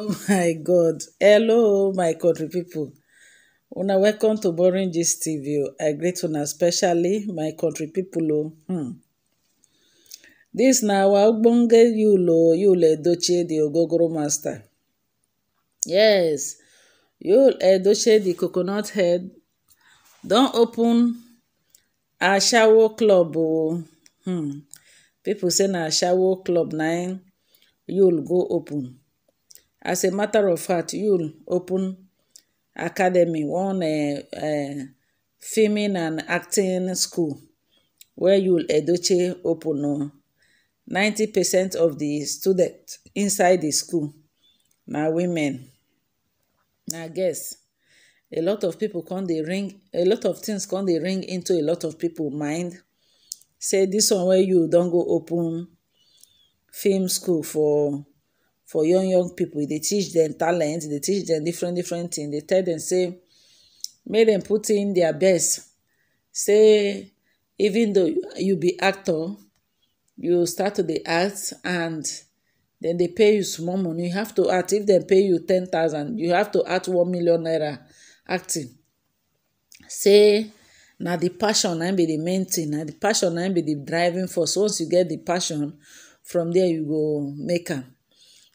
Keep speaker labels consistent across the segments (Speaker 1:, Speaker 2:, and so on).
Speaker 1: Oh my God. Hello, my country people. Una welcome to Boring Gist TV. I greet una especially my country people. Oh. Hmm. This na you lo. You le Edochie the Ogogoro master. Yes, you le Edochie the coconut head Don't open a shower club. Oh. Hmm. People say na shower club nine You'll go open. as a matter of fact yul open academy one eeh eh, filming and acting school wey yul edoche open ooo. 90 percent of di students inside di school na women. na guess a lot of tins come dey ring into a lot of pipo mind say dis one wey yul don go open film school for? for young young people they teach them talent They teach them different different things They tell them say make them put in their best say even though you be actor you start to dey act and then they pay you small money you have to act if they pay you ten thousand you have to act one million naira acting say na the passion na be the main thing na the passion na be the driving force once you get the passion from there you go make am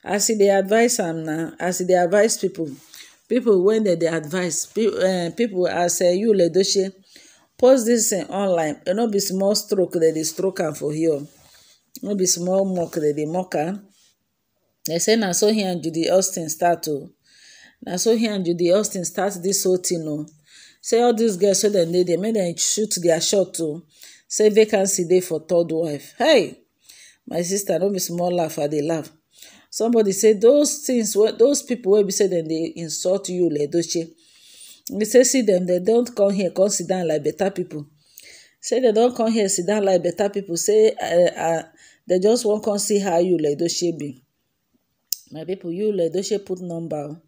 Speaker 1: as e dey advice am na as e dey advice people people wey dem dey advice eh, people as eh, yul edochie post this thing online e no be small stroke dem dey stroke am for here no be small mock dem dey mock am dem say na so he and judy austin start o na so he and judy austin start this whole thing o say all these girls wey dem dey there make dem shoot their shot o say vacancy dey for third wife hey my sister no be small laugh i dey laugh somebody say those things those people? wey be say dem dey insult you ledoche e say see dem dem don come here come sit down like better people. say dem don come here sit down like better people. say uh, uh, dem just wan come see how you ledoche be my people, you ledoche put number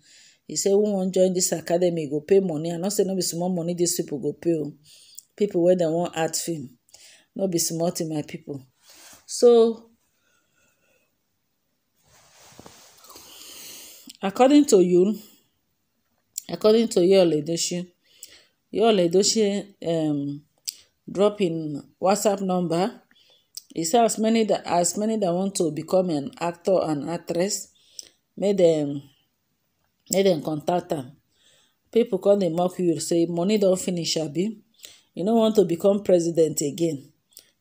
Speaker 1: He say who wan join this academy go pay money i know say no be small money dis pipo go pay o oh. pipo wey dem wan add film no be small thing my people. so According to you, according to your leadership, your leadership um, drop in WhatsApp number. He said as many that as many that want to become an actor and actress, make them make them contact am. People come dey mock you say money don finish abi. You no want to become president again.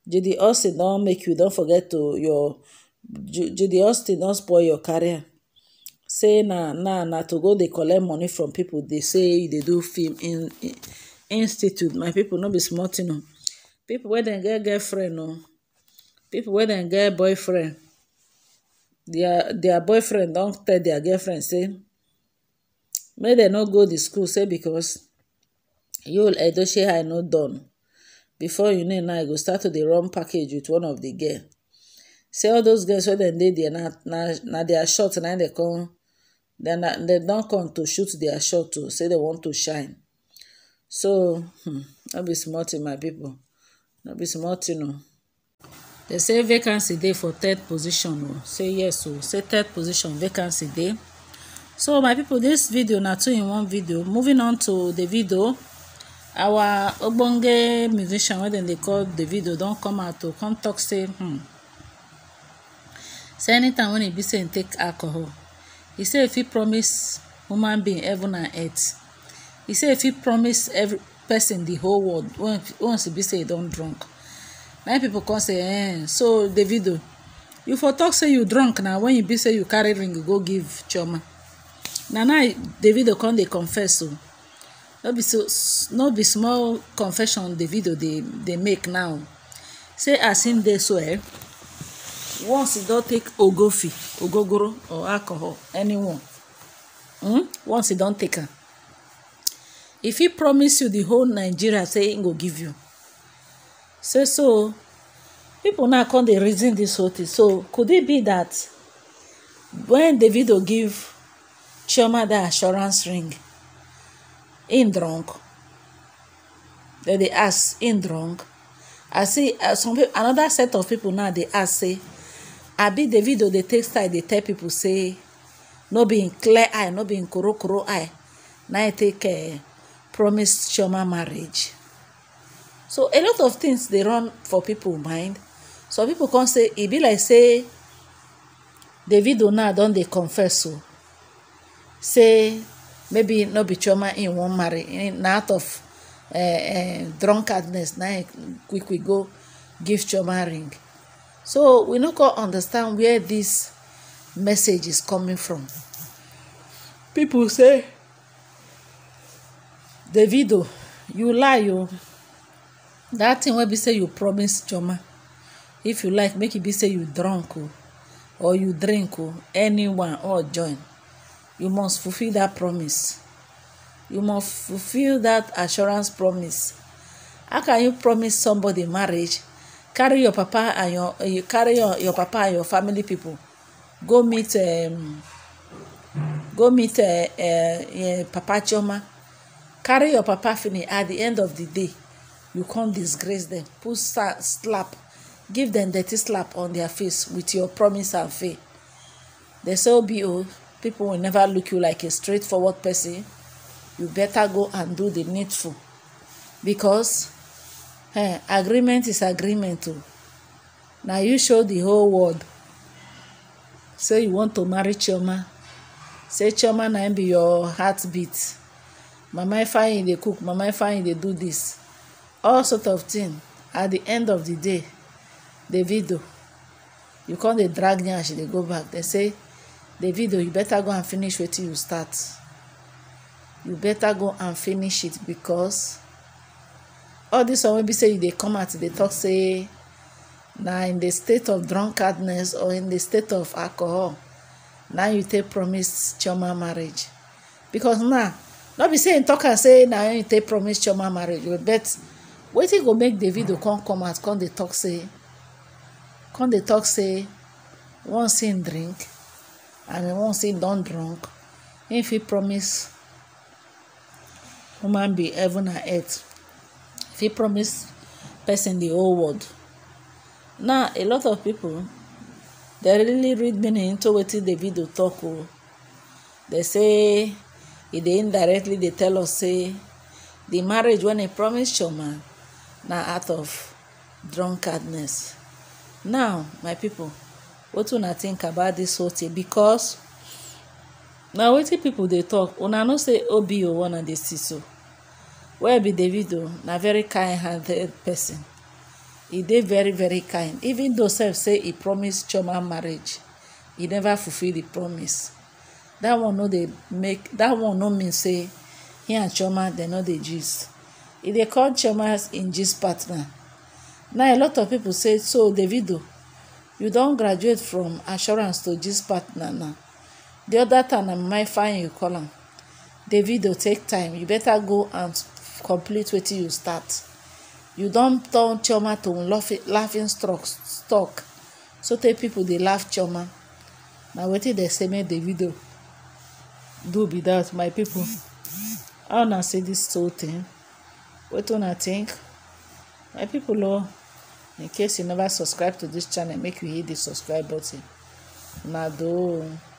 Speaker 1: Judy Austin don make you don forget to your Judy Austin don spoil your career say na na na to go dey collect money from people dey say e dey do film in institute my people no be small thing o oh. people wey dem get girlfriend o oh. people wey dem get boyfriend their their boyfriend don tell their girlfriend say make dem no go the school say because yul edochie i no done before you know now you go start to dey run package with one of the girl say all those girls wey dem dey there na na na their short na dem come Then uh, they don come to shoot their shot to say they want to shine so hmm, no be small tin my people, no be small tin o oh. dem say vacancy dey for third position o oh. say yes o oh. say third position vacancy dey so my people, this video na two in one video moving on to the video our ogbonge musician wey dem dey call video. don come out to come talk. say hmm say anytime wen e be say im e take alcohol he say he fit promise human being heaven and earth he say he fit promise every person the whole world once e be say e don drunk na people come say eh so davido you for talk say you drunk na when you be say you carry ring go give chioma na now davido come dey confess o no be so no be small confession davido dey make now say as him dey so eh once you don take ogofi ogogoro or alcohol anyone Hmm? once you don take am if he promise you the whole nigeria say im go give you so so people now come dey reason this whole thing so could it be that when davido give chioma dat assurance ring he drunk dem dey ask he drunk i see uh, some people another set of people now dey ask say abi video dey take style dey tell people say no be im clear eye no be im korokoro eye na im take promise chioma marriage so a lot of things dey run for people mind some people come say e be like say The video now don dey confess o say maybe no be chioma im wan marry na out of eh, eh, drunkenness na im quick quick go give chioma ring so we no go understand where this message is coming from People say davido you lie o That thing wey be say you promise chioma if you like make e be say you drunk o or you drink o anyone or join you must fulfill that promise you must fulfill that assurance promise how can you promise somebody marriage carry your papa and your you carry your, your papa and your family people go meet um, go meet uh, uh, uh, papa chioma carry your papa finish at the end of the day you come disgrace them put slap give them dirty slap on their face with your promise and faith they say obo oh, people will never look you like a straightforward person you better go and do the needful because eh, agreement is agreement o oh. na you show the whole world say you want to marry chioma say chioma na be your heartbeat mama ifeanyi dey cook mama ifeanyi dey do this all sort of thing at the end of the day davido you come dey drag me nyash dey go back dey say davido you better go and finish wetin you start you better go and finish it because all dis one wey be say you dey come out dey talk say na in the state of drunkenness or in the state of alcohol na you take promise chioma marriage because now not be say im tok am say na you take promise chioma marriage but wetin go make davido come come out come dey talk say come dey talk say once im drink and once im don drunk im fit promise woman be heaven and earth fit promise person the whole world now a lot of people dem really read meaning into wetin davido talk o oh. dem say e dey indirectly dey tell us say the marriage wey he promise your man na out of drunkardness now my people wetin una think about this whole thing because na wetin people dey talk una know say obo one and dey see so wey be davido na very kind hearted person He dey very very kind even though sef say he promise chioma marriage he never fulfill the promise That one no dey make That one no mean say he and chioma dem no dey gist He dey call chioma im gist partner now a lot of people say so davido you don graduate from assurance to gist partner now The other time I might find you call am davido take time you better go and complete wetin you start you don turn chioma to laughing stock Stock. So sotey people dey laugh chioma na wetin dem say make davido do be that. my people. how una see this whole thing wetin una think my pipo oh, lo in case you never subscribe to this channel make you hit the subscribe button una do